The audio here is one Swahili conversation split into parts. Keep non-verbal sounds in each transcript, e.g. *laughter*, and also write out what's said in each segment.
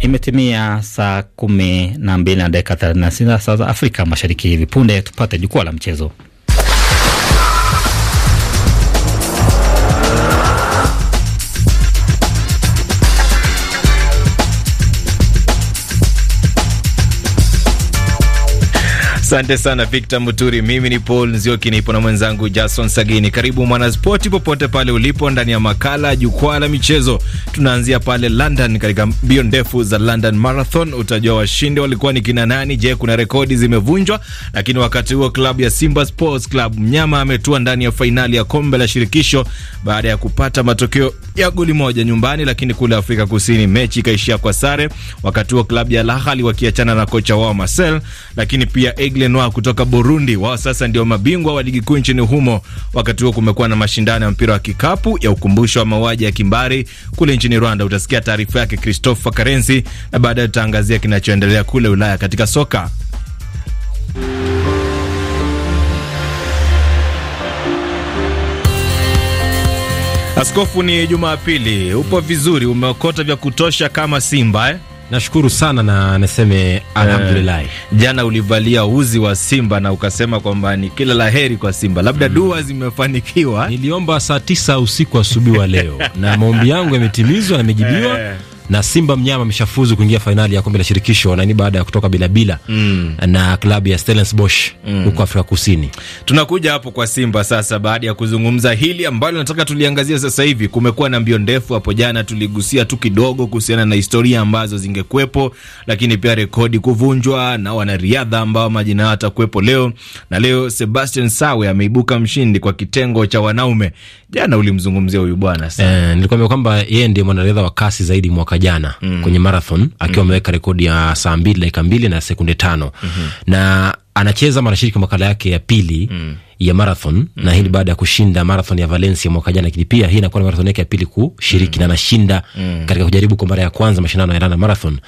Imetimia saa kumi na mbili na dakika thelathini na sita saa za Afrika Mashariki. Hivi punde tupate jukwaa la mchezo. Asante sana Victor Muturi. Mimi ni Paul Nzioki, nipo na mwenzangu Jason Sagini. Karibu mwanaspoti, popote pale ulipo, ndani ya makala Jukwaa la Michezo. Tunaanzia pale London, katika mbio ndefu za London Marathon. Utajua washindi walikuwa ni kina nani? Je, kuna rekodi zimevunjwa? Lakini wakati huo klabu ya Simba Sports Club mnyama ametua ndani ya fainali ya kombe la shirikisho baada ya kupata matokeo ya goli moja nyumbani, lakini kule Afrika Kusini mechi ikaishia kwa sare. Wakati huo klabu ya Al Ahly wakiachana na kocha wao Marcel, lakini pia Egli Cercle kutoka Burundi, wao sasa ndio mabingwa wa ligi kuu nchini humo. Wakati huo kumekuwa na mashindano ya mpira wa kikapu ya ukumbusho wa mauaji ya kimbari kule nchini Rwanda. Utasikia taarifa yake Christopher Karenzi, na baadaye tutaangazia kinachoendelea kule Ulaya katika soka. Askofu, ni Jumapili, upo vizuri? Umeokota vya kutosha kama Simba eh? Nashukuru sana na niseme alhamdulillah. Uh, jana ulivalia uzi wa Simba na ukasema kwamba ni kila la heri kwa Simba, labda mm, dua zimefanikiwa. Niliomba saa tisa usiku asubuhi wa leo *laughs* na maombi yangu yametimizwa, yamejibiwa eh na Simba mnyama ameshafuzu kuingia fainali ya kombe la shirikisho nani baada ya kutoka bila bila mm. na klabu ya Stellenbosch mm. huko mm. Afrika Kusini. Tunakuja hapo kwa Simba sasa, baada ya kuzungumza hili ambalo nataka tuliangazia sasa hivi. Kumekuwa na mbio ndefu, hapo jana tuligusia tu kidogo kuhusiana na historia ambazo zingekuwepo, lakini pia rekodi kuvunjwa na wanariadha ambao majina yao atakuwepo leo na leo. Sebastian Sawe ameibuka mshindi kwa kitengo cha wanaume. Jana ulimzungumzia huyu bwana sana, eh, nilikwambia kwamba yeye ndiye mwanariadha wa kasi zaidi mwaka jana mm. kwenye marathon akiwa mm-hmm. ameweka mm. rekodi ya saa mbili dakika mbili na sekunde tano mm -hmm. na anacheza manashiriki makala yake ya pili mm ya marathon mm -hmm. na hii mm. baada ya kushinda marathon ya Valencia mwaka jana, lakini pia hii inakuwa ni marathon yake ya pili kushiriki mm -hmm. na anashinda mm -hmm. katika kujaribu kwa mara ya kwanza mashindano ya London Marathon.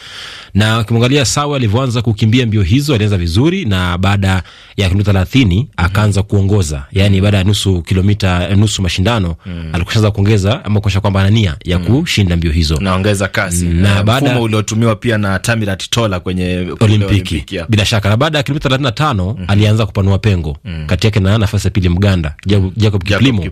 Na ukimwangalia sawa alivyoanza kukimbia mbio hizo, alianza vizuri na baada ya kilomita 30 akaanza kuongoza, yani mm. baada ya nusu kilomita nusu mashindano mm -hmm. alikushaanza kuongeza ama kuonyesha kwamba ana nia ya mm. kushinda mbio hizo, naongeza kasi na baada mfumo uliotumiwa pia na Tamirat Tola kwenye Olimpiki, bila shaka, na baada ya kilomita 35 mm -hmm. alianza kupanua pengo mm -hmm. kati yake na nafasi ya pili Mganda Jacob, mm. Kiplimo,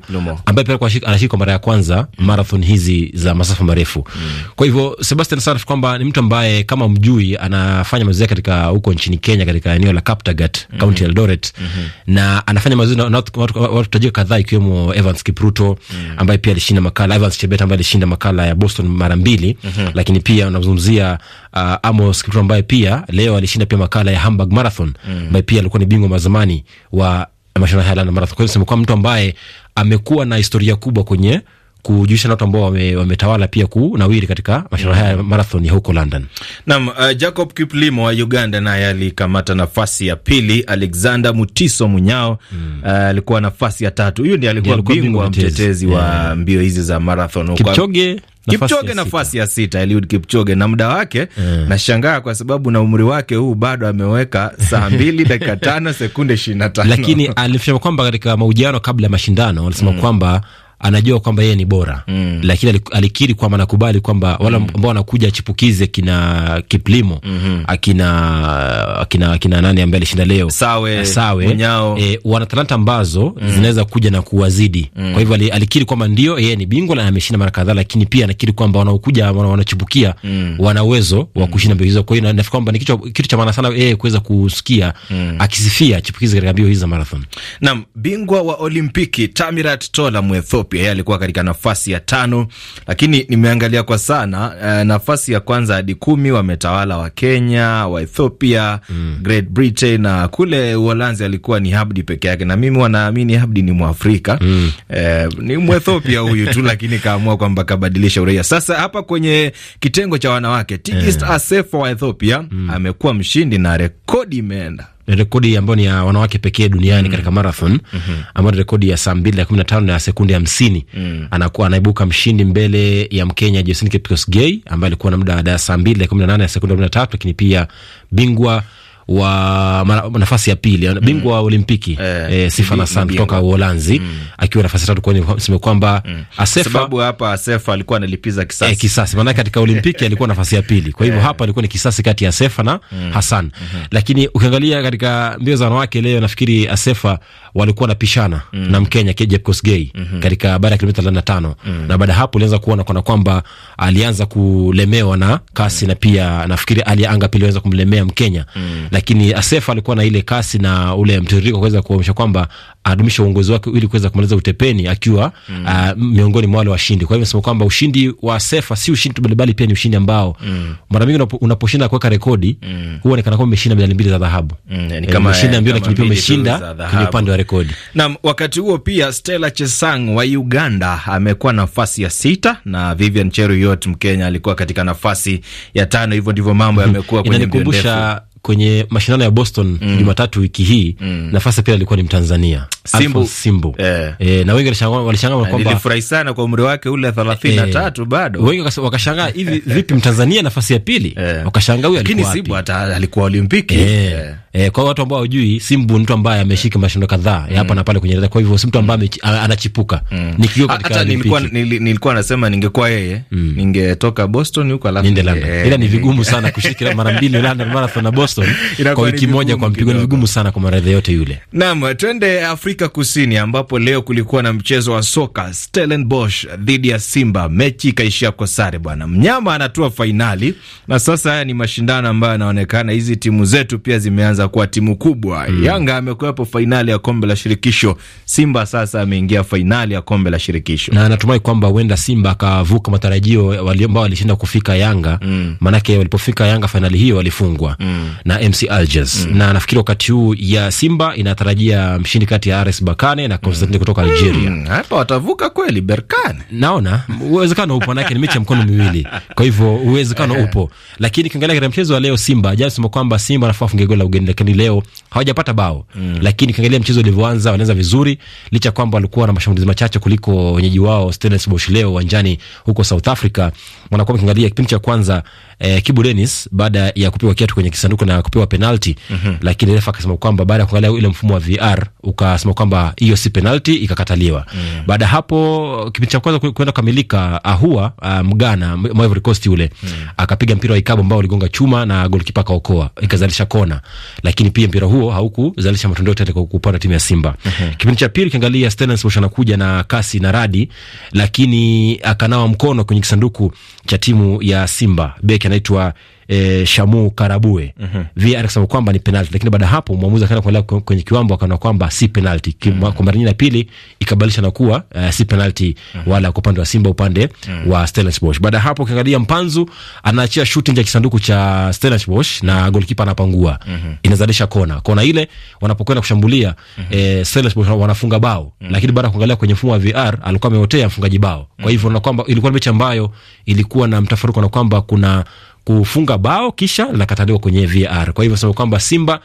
ambaye pia anashiriki kwa mara ya kwanza mm. marathon hizi za masafa marefu mm. Kwa hivyo Sebastian Sarf kwamba ni mtu ambaye kama mjui anafanya mazoezi katika huko nchini Kenya katika eneo la Kaptagat mm -hmm. County Eldoret mm -hmm. na anafanya mazoezi na watu tajika kadhaa ikiwemo Evans Kipruto mm. ambaye pia alishinda makala Evans Chebet ambaye alishinda makala ya Boston mara mbili mm -hmm. lakini pia unazungumzia uh, Amos Kipruto ambaye pia leo alishinda pia makala ya Hamburg Marathon mm. ambaye mm. pia alikuwa ni bingwa mazamani wa na mashindano haya London Marathon. Kwa mtu ambaye amekuwa na historia kubwa kwenye kujuisha na watu ambao wametawala pia kunawiri katika mashindano haya ya marathon ya huko London. Naam, uh, Jacob Kiplimo wa Uganda naye alikamata nafasi ya pili. Alexander Mutiso Munyao hmm. uh, alikuwa mm. uh, nafasi ya tatu. Huyu ndiye alikuwa bingwa mtetezi yeah. wa mbio hizi za marathon. huko Kipchoge Nafasi Kipchoge nafasi ya sita, Eliud Kipchoge na muda wake yeah. Nashangaa kwa sababu na umri wake huu bado ameweka saa *laughs* mbili dakika tano sekunde ishirini na tano lakini alisema kwamba katika mahojiano kabla ya mashindano alisema mm. kwamba anajua kwamba yeye ni bora mm. Lakini alikiri kwamba nakubali kwamba wale mm. ambao wanakuja chipukize kina Kiplimo mm -hmm. akina akina akina nani ambaye alishinda leo Sawe, Sawe Munyao e, wana talanta ambazo mm. zinaweza kuja na kuwazidi mm. Kwa hivyo alikiri kwamba ndio yeye ni bingwa na ameshinda mara kadhaa, lakini pia anakiri kwamba wanaokuja wanachipukia mm. wana uwezo wa mm. kushinda mbio hizo. Kwa hiyo nafikiri kwamba ni kitu cha maana sana yeye kuweza kusikia mm. akisifia chipukizi katika mbio hizi za marathon. Naam, bingwa wa olimpiki Tamirat Tola Mwetho Ethiopia. Yeye alikuwa katika nafasi ya tano, lakini nimeangalia kwa sana uh, nafasi ya kwanza hadi kumi wametawala wa Kenya, wa Ethiopia, mm. Great Britain na kule Uholanzi alikuwa ni Habdi peke yake, na mimi wanaamini Habdi ni Mwafrika mm. eh, ni Mwethiopia huyu tu, *laughs* lakini kaamua kwamba kabadilisha uraia. Sasa hapa kwenye kitengo cha wanawake Tigist yeah. Asefa wa Ethiopia mm. amekuwa mshindi na rekodi imeenda ni rekodi ambayo ni ya wanawake pekee duniani mm. katika marathon mm -hmm. ambayo ni rekodi ya saa mbili dakika kumi na tano na sekunde hamsini mm. anakuwa anaibuka mshindi mbele ya Mkenya Josephine Kipkosgei ambaye alikuwa na muda wa saa mbili dakika kumi na nane na sekunde kumi na tatu lakini pia bingwa wa nafasi ya pili mm. bingwa wa Olimpiki eh, eh, na Hassan kutoka Uholanzi mm. akiwa nafasi tatu, kwani sema kwamba mm. Asefa sababu hapa Asefa alikuwa analipiza kisasi eh, kisasi maana katika Olimpiki *laughs* alikuwa nafasi ya pili, kwa hivyo eh. hapa alikuwa ni kisasi kati ya Asefa na mm. Hassan mm -hmm. lakini ukiangalia katika mbio za wanawake leo, nafikiri Asefa walikuwa wanapishana mm. na Mkenya Jeb Kosgei mm -hmm. katika baada ya kilomita 35 mm. na baada hapo ulianza kuona kana kwamba alianza kulemewa na kasi mm. na pia nafikiri alianga pili anga kumlemea Mkenya mm lakini Asef alikuwa na ile kasi na ule mtiririko kuweza kuonyesha kwamba adumisha uongozi wake ili kuweza kumaliza utepeni akiwa mm. uh, miongoni mwa wale washindi. Kwa hivyo nasema kwamba ushindi wa Sefa si ushindi tu, bali pia ni ushindi ambao mm. mara mingi unaposhinda kuweka rekodi mm. huwa nikana kwamba umeshinda medali mbili za dhahabu mm, yani eh, kama umeshinda eh, mbio, lakini pia umeshinda kwenye upande wa rekodi. Na wakati huo pia Stella Chesang wa Uganda amekuwa nafasi ya sita na Vivian Cheruyot Mkenya alikuwa katika nafasi ya tano. Hivyo ndivyo mambo yamekuwa *laughs* kwenye inanikumbusha kwenye mashindano ya Boston mm. Jumatatu wiki hii mm. nafasi pia alikuwa ni Mtanzania Simbu, Simbu. Eh. E, na wengi walishangaa kwamba nilifurahi sana kwa umri wake ule 33 e, eh. bado wengi wakashangaa hivi vipi Mtanzania nafasi ya pili eh. wakashangaa huyu alikuwa Simbu hata alikuwa Olimpiki eh. Eh. E, kwa watu ambao hawajui Simbu ni mtu ambaye ameshika mashindano kadhaa mm. hapa na pale kwenye kwa hivyo si mtu ambaye anachipuka mm. ni kioo katika hata nilikuwa nilikuwa nasema ningekuwa yeye mm. ningetoka Boston huko alafu ninge London ila ni vigumu sana kushika mara mbili London Marathon na Boston *laughs* kwa wiki moja kwa mpigo ni vigumu sana kwa mara yote yule. Naam, twende Afrika Kusini ambapo leo kulikuwa na mchezo wa soka Stellenbosch dhidi ya Simba, mechi ikaishia kwa sare bwana. Mnyama anatua fainali na sasa haya ni mashindano ambayo yanaonekana hizi timu zetu pia zimeanza kuanza kuwa timu kubwa mm. Yanga amekuwepo fainali ya kombe la shirikisho, Simba sasa ameingia fainali ya kombe la shirikisho, na natumai kwamba huenda Simba akavuka matarajio ambao walishinda kufika Yanga mm. Manake walipofika Yanga fainali hiyo walifungwa mm. na MC Alges mm. na nafikiri wakati huu ya Simba inatarajia mshindi kati ya RS Bakane na Constantine mm. kutoka Algeria mm. hapa watavuka kweli Berkane, naona uwezekano upo, manake ni mechi ya mkono miwili, kwa hivyo uwezekano eh. upo, lakini kiangalia katika mchezo wa leo Simba jana sema kwamba Simba anafaa funge goli la ugeni lakini leo hawajapata bao mm. Lakini ukiangalia mchezo ulivyoanza, wanaanza vizuri licha kwamba walikuwa na mashambulizi machache kuliko wenyeji wao Stellenbosch leo uwanjani huko South Africa, wanakuwa wakiangalia kipindi cha kwanza eh, Kibu Dennis baada ya kupewa kiatu kwenye kisanduku na kupewa penalti mm -hmm. Lakini refa akasema kwamba baada ya kuangalia ile mfumo wa VR ukasema kwamba hiyo si penalti, ikakataliwa mm -hmm. Baada hapo kipindi cha kwanza kwenda kukamilika, Ahua uh, Mgana mwa Ivory Coast yule mm -hmm. akapiga mpira wa ikabu ambao uligonga chuma na golikipa kaokoa, ikazalisha kona, lakini pia mpira huo haukuzalisha matunda yote kwa kupata timu ya Simba mm -hmm. Kipindi cha pili ukiangalia Stellenbosch anakuja na kasi na radi, lakini akanawa mkono kwenye kisanduku cha timu ya Simba, beki anaitwa e, Shamu Karabue mm -hmm. VAR akasema kwamba ni penalti, lakini baada ya hapo mwamuzi akaenda kuangalia kwenye kiwambo akaona kwamba si penalti mhm. kwa mm -hmm. mara nyingine ya pili ikabadilisha na kuwa uh, si penalti mm -hmm. wala kwa upande wa Simba upande mm -hmm. wa Stellenbosch. Baada ya hapo ukiangalia Mpanzu anaachia shuti nje ya kisanduku cha Stellenbosch na goalkeeper anapangua mm -hmm. inazalisha kona, kona ile wanapokwenda kushambulia mm -hmm. e, Stellenbosch wanafunga bao mm -hmm. lakini baada ya kuangalia kwenye mfumo wa VAR alikuwa ameotea mfungaji bao, kwa mhm. hivyo na kwamba ilikuwa ni mechi ambayo ilikuwa na mtafaruko na kwamba kuna kufunga bao kisha linakataliwa kwenye VAR. Kwa hivyo sema kwamba Simba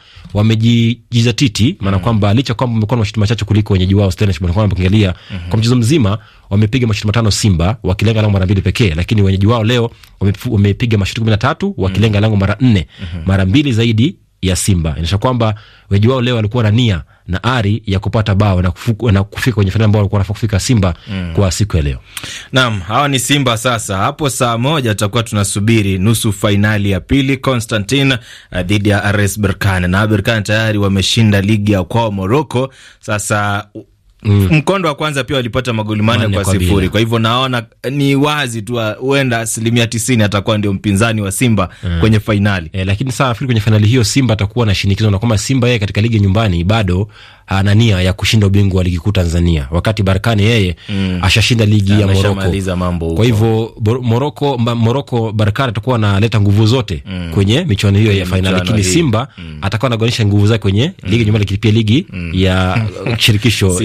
titi maana mm. kwamba licha kwamba wamekuwa na mashuti machache kuliko wenyeji wao Stellenbosch, kwa kwamba ukiangalia mm-hmm. kwa mchezo mzima wamepiga mashuti matano Simba wakilenga lango mara mbili pekee, lakini wenyeji wao leo wamepiga mashuti 13 wakilenga mm. lango mara nne, mm-hmm. mara mbili zaidi ya Simba. Inaonyesha kwamba wengi wao leo walikuwa na nia na ari ya kupata bao na, kufuku, na kufika kwenye fainali ambao walikuwa wanafaa kufika Simba mm. kwa siku ya leo. Naam, hawa ni Simba. Sasa hapo saa moja tutakuwa tunasubiri nusu fainali ya pili Constantine eh, dhidi ya RS Berkane, na Berkane tayari wameshinda ligi ya kwao Morocco. Sasa Mm. Mkondo wa kwanza pia walipata magoli manne kwa sifuri. Kwa hivyo naona ni wazi tu huenda asilimia tisini atakuwa ndio mpinzani wa Simba mm. kwenye fainali. e, eh, lakini saa afiri kwenye fainali hiyo Simba atakuwa na shinikizo na kwamba Simba yeye katika ligi nyumbani bado ana ah, nia ya kushinda ubingwa wa ligi kuu Tanzania, wakati Barkane yeye mm. ashashinda ligi ya, Moroko. Kwa hivyo Moroko, Moroko Barkane atakuwa analeta nguvu zote mm. kwenye michuano hiyo ya fainali, lakini hii. Simba mm. atakuwa anagonyesha nguvu zake kwenye mm. ligi nyumbani, akilipia ligi mm. ya uh, *laughs* shirikisho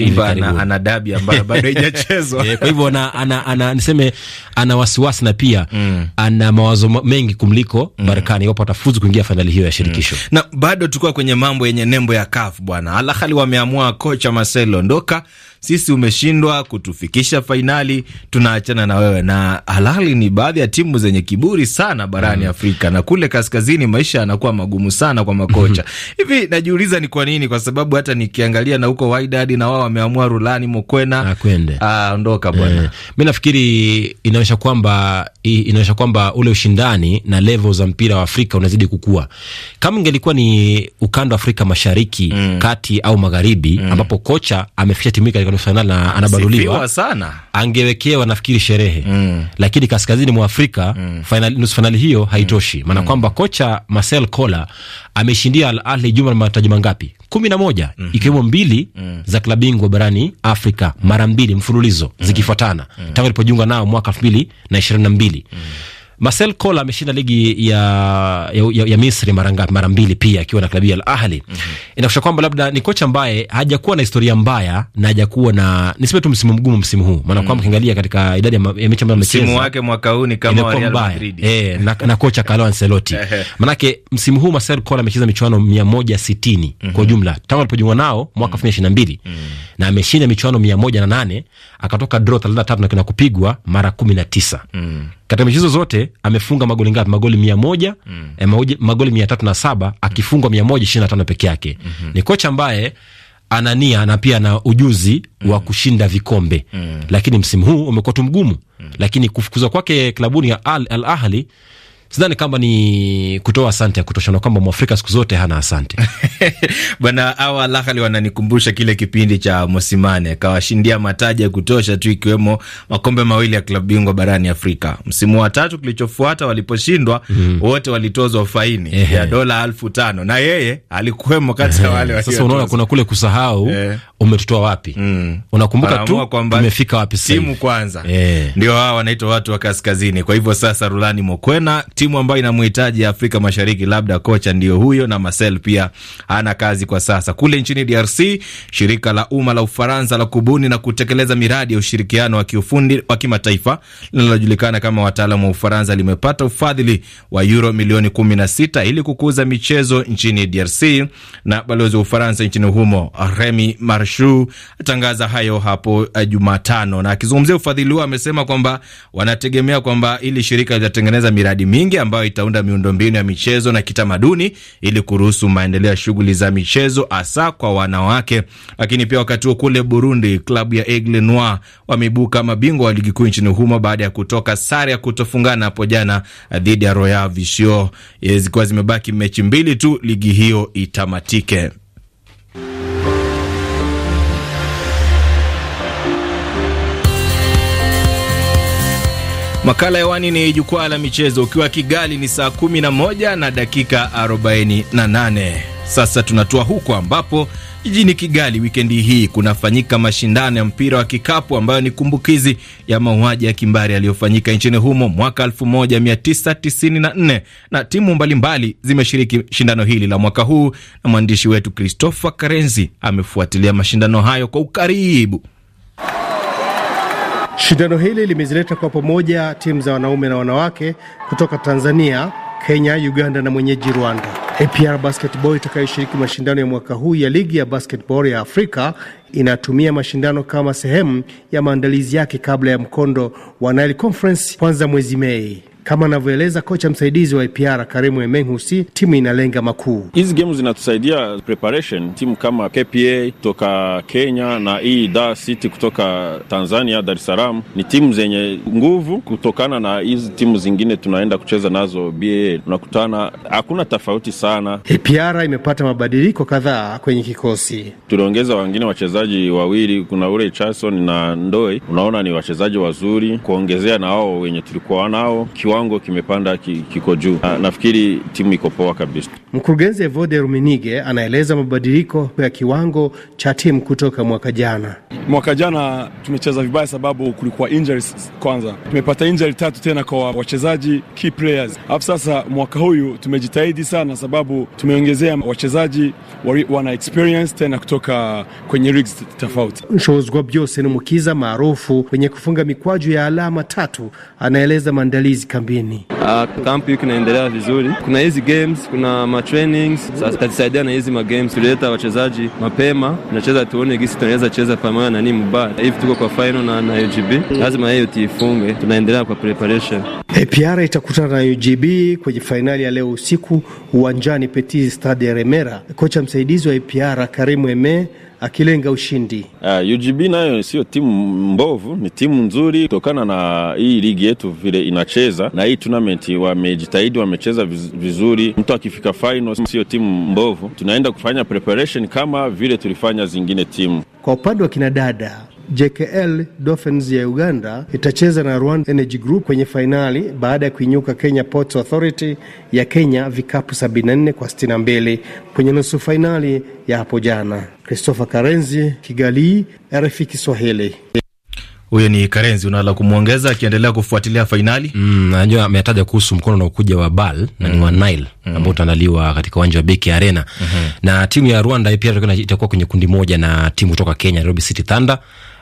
ana dabi ambayo bado *laughs* haijachezwa. Eh, kwa hivyo ana, ana, ana, niseme ana wasiwasi na pia mm. ana mawazo mengi kumliko mm. Barkane iwapo atafuzu kuingia fainali hiyo ya shirikisho mm. na bado tulikuwa kwenye mambo yenye nembo ya CAF bwana Alahali wa ameamua kocha Marcelo, ondoka, sisi umeshindwa kutufikisha fainali, tunaachana na wewe. Na Halali ni baadhi ya timu zenye kiburi sana barani mm. Afrika, na kule kaskazini maisha yanakuwa magumu sana kwa makocha mm-hmm. *laughs* hivi. Najiuliza ni kwa nini, kwa sababu hata nikiangalia na huko Wydad na wao wameamua Rulani Mokwena akwende, ondoka ah, bwana. Eh, mi nafikiri inaonyesha kwamba inaonyesha kwamba ule ushindani na level za mpira wa Afrika unazidi kukua. Kama ingelikuwa ni ukanda wa Afrika Mashariki mm. kati au magharibi mm. ambapo kocha amefikisha timu katika nusu fainali na anabaduliwa sana, angewekewa nafikiri sherehe mm. lakini kaskazini mwa Afrika mm. nusu fainali hiyo haitoshi, mm. maana mm. kwamba kocha Marcel Koller ameshindia Al Ahli jumla mataji mangapi? kumi na moja mm -hmm. ikiwemo mbili mm. za klabu bingwa barani Afrika mara mbili mfululizo mm. zikifuatana mm. tangu alipojiunga nao mwaka elfu mbili na ishirini na mbili mm. Marcel Kola ameshinda ligi ya, ya, ya, ya Misri mara ngapi? Mara mbili pia akiwa na klabu ya Al Ahli. Mm -hmm. Inakusha kwamba labda ni kocha ambaye hajakuwa na historia mbaya na hajakuwa na niseme tu msimu mgumu msimu huu. Maana mm -hmm. kwamba mhm. ukiangalia katika idadi ya, ya mechi ambayo amecheza msimu wake mwaka huu ni kama Real Madrid. Eh, na, na kocha Carlo Ancelotti. Manake msimu huu Marcel Kola amecheza michuano 160 mm -hmm. kwa jumla tangu alipojiunga nao mwaka 2022 mm -hmm. na ameshinda michuano 108 akatoka draw 33 na kuna kupigwa mara 19. Mm -hmm. Katika michezo zote amefunga magoli ngapi? Magoli mia moja mm. eh, magoli mia tatu na saba akifungwa mia moja ishirini na tano peke yake mm -hmm. Ni kocha ambaye anania na pia ana ujuzi mm. wa kushinda vikombe mm. Lakini msimu huu umekuwa tu mgumu mm. Lakini kufukuzwa kwake klabuni ya Al, Al Ahli sidhani kama ni kutoa asante ya kutosha, na kwamba mwafrika siku zote hana asante *laughs* bwana. awa Lahali wananikumbusha kile kipindi cha Mosimane kawashindia mataji ya kutosha tu, ikiwemo makombe mawili ya klabu bingwa barani Afrika. Msimu wa tatu kilichofuata waliposhindwa, mm wote walitozwa faini Ehe. ya dola elfu tano na yeye alikuwemo kati ya wale. Sasa unaona kuna kule kusahau Ehe. umetutoa wapi? mm. unakumbuka tu umefika wapi? Timu kwanza eh. ndio hawa wanaitwa watu wa kaskazini. Kwa hivyo sasa, Rulani Mokwena timu ambayo inamhitaji Afrika Mashariki, labda kocha ndio huyo, na Marcel pia ana kazi kwa sasa. Kule nchini DRC, shirika la umma la Ufaransa la kubuni na kutekeleza miradi ya ushirikiano wa kiufundi wa kimataifa linalojulikana kama wataalamu wa Ufaransa limepata ufadhili wa euro milioni 16 ili kukuza michezo nchini DRC, na balozi wa Ufaransa nchini humo Remy Marshu atangaza hayo hapo eh, Jumatano, na akizungumzia ufadhili huo amesema kwamba wanategemea kwamba ili shirika litatengeneza miradi mingi msingi ambayo itaunda miundombinu ya michezo na kitamaduni ili kuruhusu maendeleo ya shughuli za michezo hasa kwa wanawake. Lakini pia wakati huo kule Burundi, klabu ya Aigle Noir wameibuka mabingwa wa ligi kuu nchini humo baada ya kutoka sare ya kutofungana hapo jana eh, dhidi ya Royal Visio, eh, zikiwa zimebaki mechi mbili tu ligi hiyo itamatike. Makala hewani ni jukwaa la michezo. Ukiwa Kigali ni saa 11 na dakika 48. Sasa tunatua huko ambapo jijini Kigali wikendi hii kunafanyika mashindano ya mpira wa kikapu ambayo ni kumbukizi ya mauaji ya kimbari yaliyofanyika nchini humo mwaka 1994 na timu mbalimbali zimeshiriki shindano hili la mwaka huu, na mwandishi wetu Christopher Karenzi amefuatilia mashindano hayo kwa ukaribu. Shindano hili limezileta kwa pamoja timu za wanaume na wanawake kutoka Tanzania, Kenya, Uganda na mwenyeji Rwanda. APR Basketball itakayoshiriki mashindano ya mwaka huu ya ligi ya basketball ya Afrika inatumia mashindano kama sehemu ya maandalizi yake kabla ya mkondo wa Nile Conference kuanza mwezi Mei. Kama anavyoeleza kocha msaidizi wa APR Karimu Emenghusi, timu inalenga makuu. Hizi gemu zinatusaidia preparation, timu kama KPA kutoka Kenya na hii Dar City kutoka Tanzania, Dar es Salaam ni timu zenye nguvu kutokana na hizi timu zingine tunaenda kucheza nazo BA, unakutana hakuna tofauti sana. APR imepata mabadiliko kadhaa kwenye kikosi, tuliongeza wengine wachezaji wawili, kuna ule Charlson na Ndoi, unaona ni wachezaji wazuri kuongezea na wao wenye tulikuwa nao Kiwa kiwango kimepanda kiko juu. Ah, nafikiri timu iko poa kabisa. Mkurugenzi Evode Ruminige anaeleza mabadiliko ya kiwango cha timu kutoka mwaka jana. Mwaka jana tumecheza vibaya sababu kulikuwa injuries. Kwanza tumepata injury tatu tena kwa wachezaji key players, alafu sasa mwaka huyu tumejitahidi sana sababu tumeongezea wachezaji wana experience tena kutoka kwenye leagues tofauti. Byose ni mkiza maarufu kwenye kufunga mikwaju ya alama tatu, anaeleza maandalizi kambini. Uh, ah, kampu hiki inaendelea vizuri, kuna hizi games, kuna ma trainings. Sasa tatusaidia na hizi ma games, tulileta wachezaji mapema, tunacheza tuone gisi tunaweza cheza pamoja na nini mbaya hivi. Tuko kwa final na na UGB, lazima hiyo tuifunge tunaendelea kwa preparation. APR eh, itakutana na UGB kwenye fainali ya leo usiku uwanjani Petit Stade ya Remera. Kocha msaidizi wa APR Karimu Eme akilenga ushindi. Uh, ah, UGB nayo sio timu mbovu, ni timu nzuri kutokana na hii ligi yetu vile inacheza na hii tournament, wamejitahidi, wamecheza vizuri. Mtu akifika final, sio timu mbovu. Tunaenda kufanya preparation kama vile tulifanya zingine timu. Kwa upande wa kinadada JKL Dolphins ya Uganda itacheza na Rwanda Energy Group kwenye fainali baada ya kuinyuka Kenya Ports Authority ya Kenya vikapu 74 kwa 62 kwenye nusu fainali ya hapo jana. Christopher Karenzi, Kigali, RFI Kiswahili. Huyo ni Karenzi, unala kumwongeza akiendelea kufuatilia fainali. Mm, najua mm, ametaja kuhusu mkono unaokuja wa BAL mm, na ni wa mm. Nile mm, ambao utaandaliwa katika uwanja wa Beki Arena mm -hmm. na timu ya Rwanda pia itakuwa kwenye kundi moja na timu kutoka Kenya, Nairobi City Thunder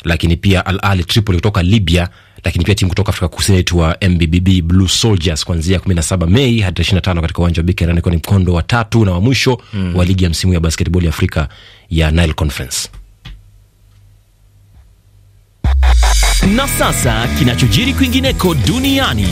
lakini pia Al Ahli Tripoli kutoka Libya, lakini pia timu kutoka Afrika Kusini inaitwa MBBB Blue Soldiers kuanzia 17 Mei hadi 25 katika uwanja wa Bikeren, ikiwa ni mkondo wa tatu na wa mwisho mm. wa ligi ya msimu ya basketball ya Afrika ya Nile Conference. Na sasa kinachojiri kwingineko duniani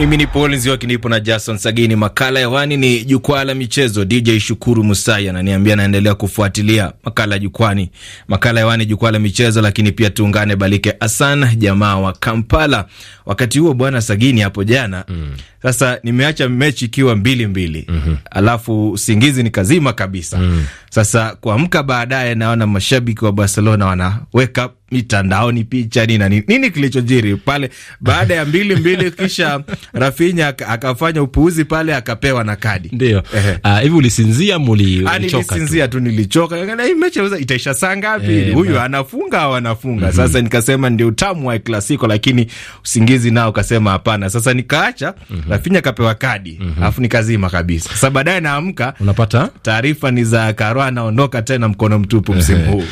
mimi ni Paul Nzioki, nipo na Jason Sagini. Makala ya wani ni jukwaa la michezo. DJ Shukuru Musai ananiambia anaendelea kufuatilia makala ya jukwani, makala ya wani, jukwaa la michezo. Lakini pia tuungane Balike Asan, jamaa wa Kampala, wakati huo bwana Sagini hapo jana mm. Sasa nimeacha mechi ikiwa mbili mbili mm -hmm. Alafu usingizi kazima kabisa mm. Sasa kuamka baadaye, naona mashabiki wa Barcelona wanaweka mitandaoni picha nina nini, nini kilichojiri pale baada ya mbili mbili *laughs* kisha Rafinya akafanya upuuzi pale akapewa na kadi. Ndio ah, hivi uh, ulisinzia muli ah, nilisinzia tu, tu nilichoka. Hii mechi itaisha saa ngapi? Eh, Huyu anafunga au anafunga? mm -hmm. Sasa nikasema ndio utamu wa klasiko, lakini usingizi hizi nao kasema hapana. Sasa nikaacha mm -hmm. Rafinya kapewa kadi mm -hmm. Afu nikazima kabisa. Sasa baadaye naamka, unapata taarifa ni za Karwa anaondoka tena mkono mtupu msimu huu. Uh,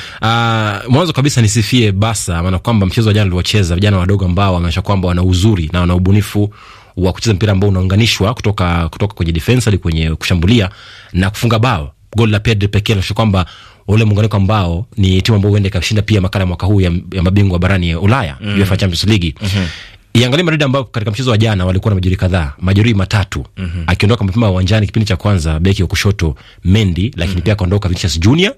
mwanzo kabisa nisifie Basa, maana kwamba mchezo wa jana uliocheza vijana wadogo ambao wameonyesha kwamba wana uzuri na wana ubunifu wa kucheza mpira ambao unaunganishwa kutoka, kutoka kwenye defense hadi kwenye kushambulia na kufunga bao. Goli la Pedri pekee inaonyesha kwamba ule muunganiko ambao ni timu ambayo huenda ikashinda pia makala mwaka huu ya, ya mabingwa barani Ulaya, mm. UEFA Champions League mm -hmm. Iangalie Madrid ambao katika mchezo wa jana walikuwa na majeruhi kadhaa, majeruhi matatu. Mm -hmm. Akiondoka mapema uwanjani kipindi cha kwanza beki wa kushoto Mendy, lakini mm -hmm. pia akaondoka Vinicius Junior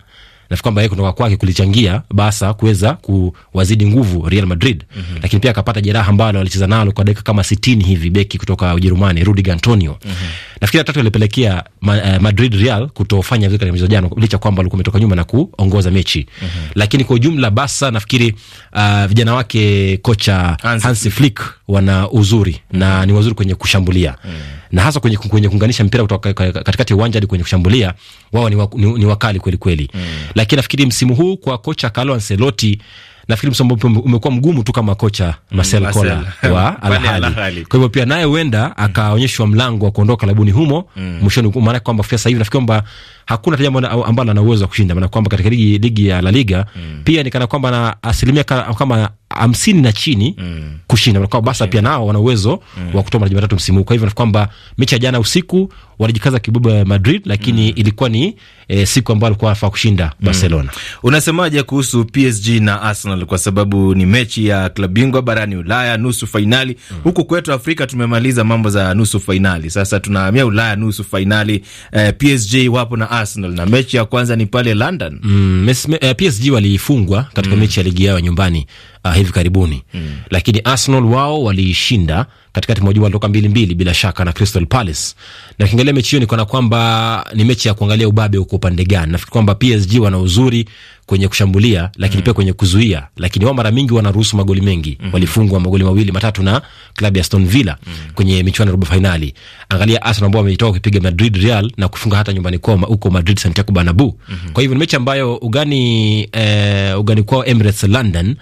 nafikiri kwamba yeye kutoka kwake kulichangia Barca kuweza kuwazidi nguvu Real Madrid. mm -hmm. Lakini pia akapata jeraha ambalo alicheza nalo kwa dakika kama sitini hivi beki kutoka Ujerumani Rudiger Antonio. mm -hmm. Nafikiri tatu alipelekea ma, uh, Madrid Real kutofanya vizuri katika mchezo jana, licha kwamba alikuwa ametoka nyuma na kuongoza mechi. mm -hmm. Lakini kwa ujumla Barca nafikiri uh, vijana wake kocha Hansi, Hansi Flick wana uzuri mm. na ni wazuri kwenye kushambulia mm. na hasa kwenye, kwenye kuunganisha mpira kutoka katikati ya uwanja hadi kwenye kushambulia, wao ni, ni, ni wakali kweli kweli mm. Lakini nafikiri msimu huu kwa kocha Carlo Ancelotti nafikiri msomo umekuwa mgumu tu kama kocha mm, Marcel mm, Koller *laughs* wa Al Ahly. Kwa hivyo pia naye huenda mm. akaonyeshwa mlango wa kuondoka klabuni humo mm. mwishoni, maana kwamba kufikia sasa hivi nafikiri kwamba hakuna timu ambalo ana uwezo wa kushinda, maana kwamba katika ligi, ligi ya La Liga mm. pia ni kana kwamba na asilimia kama hamsini na chini mm. kushinda, maana kwamba Barca pia nao wana uwezo mm. wa kutoa mataji matatu msimu huu. Kwa hivyo nafikiri kwamba mechi ya jana usiku walijikaza kibuba Madrid, lakini mm. ilikuwa ni e, siku ambayo alikuwa anafaa kushinda mm. Barcelona. Unasemaje kuhusu PSG na Arsenal, kwa sababu ni mechi ya klabu bingwa barani Ulaya, nusu fainali mm. huku kwetu Afrika tumemaliza mambo za nusu fainali, sasa tunahamia Ulaya nusu fainali. Eh, PSG wapo na Arsenal na mechi ya kwanza ni pale London. Mm, mes, eh, PSG walifungwa katika mm. mechi ya ligi yao nyumbani, uh, hivi karibuni mm. lakini Arsenal wao waliishinda katikati mwa juma toka mbili mbili bila shaka na Crystal Palace. Na kiangalia mechi hiyo nikaona kwamba ni mechi ya kuangalia ubabe uko upande gani. Nafikiri kwamba PSG wana uzuri kwenye kushambulia lakini mm pia kwenye kuzuia, lakini wao mara mingi wanaruhusu magoli mengi mm walifungwa magoli mawili matatu na klabu ya Stone Villa mm kwenye michuano ya robo fainali. Angalia Arsenal ambao wamejitoa kupiga Madrid Real na kufunga hata nyumbani kwao huko Madrid Santiago Bernabeu mm -hmm. kwa hivyo ni mechi ambayo ugani eh, ugani kwao Emirates London,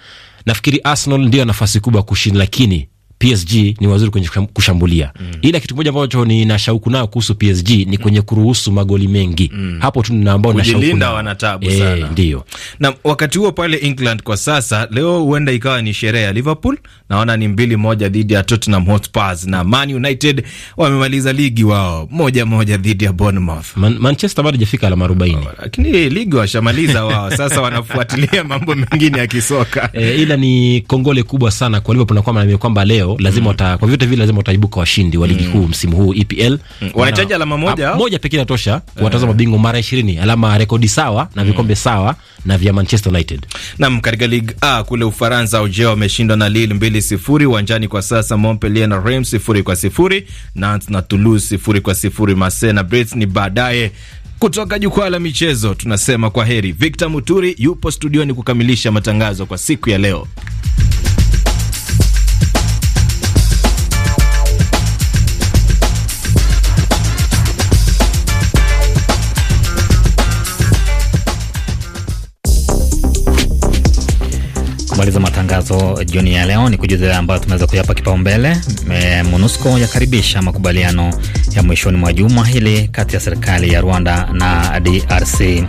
nafikiri Arsenal ndio nafasi kubwa kushinda, lakini PSG ni wazuri kwenye kushambulia mm. Ila kitu kimoja ambacho nina shauku nayo kuhusu PSG ni mm. kwenye kuruhusu magoli mengi mm. Hapo tu na ambao nina shauku nao wana taabu e, eh, sana ndio. Na wakati huo pale England kwa sasa leo huenda ikawa ni sherehe ya Liverpool, naona ni mbili moja dhidi ya Tottenham Hotspurs na Man United wamemaliza ligi wao moja moja dhidi ya Bournemouth. Man Manchester bado hajafika alama 40 oh, lakini ligi washamaliza wao sasa wanafuatilia mambo mengine ya kisoka e, ila ni kongole kubwa sana kwa Liverpool na kwamba leo leo lazima mm. kwa vyote vile lazima wataibuka washindi wa ligi mm. kuu msimu huu EPL. Mm. Wanahitaji alama moja au moja pekee inatosha eh. kuwataza mabingwa mara 20, alama rekodi sawa na mm. vikombe sawa na vya Manchester United. Na katika ligi A kule Ufaransa, Auxerre wameshindwa na Lille 2-0 uwanjani kwa sasa. Montpellier na Reims 0 kwa 0, Nantes na Toulouse 0 kwa 0, Marseille na Brest ni baadaye kutoka jukwaa la michezo tunasema kwa heri. Victor Muturi yupo studioni kukamilisha matangazo kwa siku ya leo. matangazo jioni ya leo ni kujuza ambayo tumeweza kuyapa kipaumbele. E, MONUSCO yakaribisha makubaliano ya mwishoni mwa juma hili kati ya serikali ya Rwanda na DRC.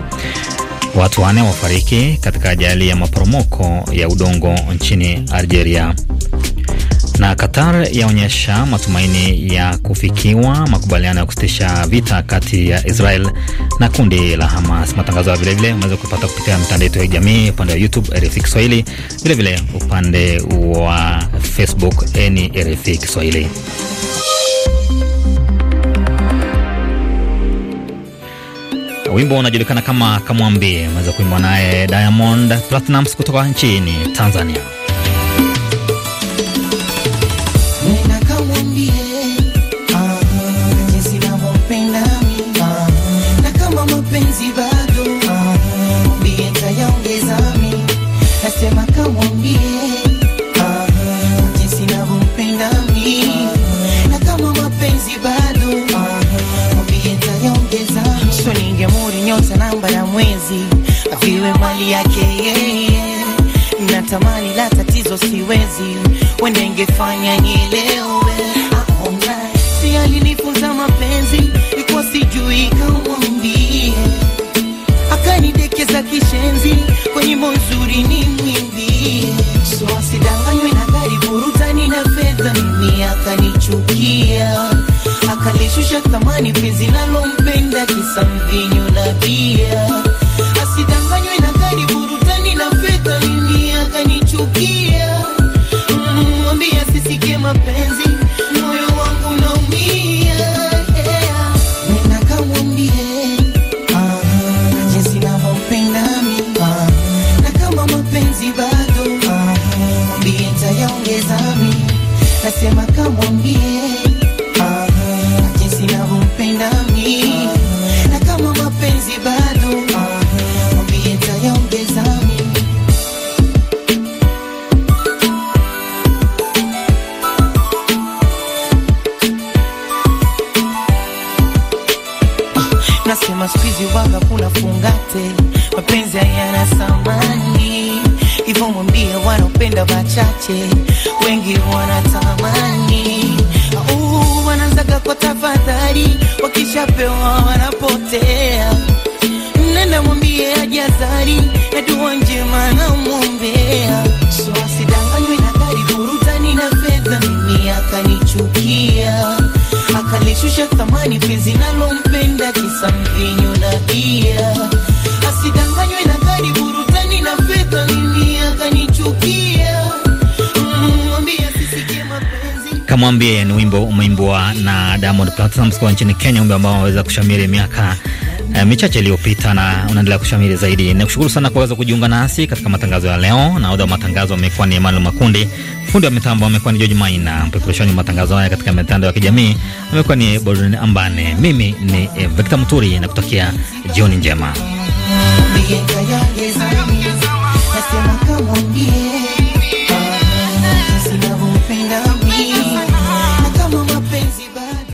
Watu wane wafariki katika ajali ya maporomoko ya udongo nchini Algeria. Na Qatar yaonyesha matumaini ya kufikiwa makubaliano ya kusitisha vita kati ya Israel na kundi la Hamas. Matangazo hayo vilevile unaweza kupata kupitia mitandao yetu ya jamii, upande wa YouTube RFI Kiswahili, vilevile upande wa Facebook ni RFI Kiswahili. Wimbo unajulikana kama Kamwambie, unaweza kuimbwa naye Diamond Platnumz kutoka nchini Tanzania. on my face ila wachache, wengi wanatamani uh, wanazaga kwa tafadhali, wakishapewa wanapotea. Nenda mwambie ajazari na dua njema namwombea, so asidanganywe na gari, burutani na fedha. Mimi akanichukia akalishusha thamani penzi nalompenda, kisa mvinyo na bia. Asidanganywe na gari, burutani na fedha. Mimi akanichukia Nikamwambie ni wimbo umeimbwa na Diamond Platnumz kwa nchini Kenya, wimbo ambao waweza kushamiri miaka uh, michache iliyopita na unaendelea kushamiri zaidi. Nakushukuru sana kuweza kujiunga nasi katika matangazo ya leo, na wa matangazo amekuwa ni Emmanuel Makundi, fundi wa mitambo amekuwa ni George Maina, mpeperushaji wa matangazo haya katika mitandao ya kijamii amekuwa ni Bolden Ambane, mimi ni eh, Victor Muturi na kutakia jioni njema.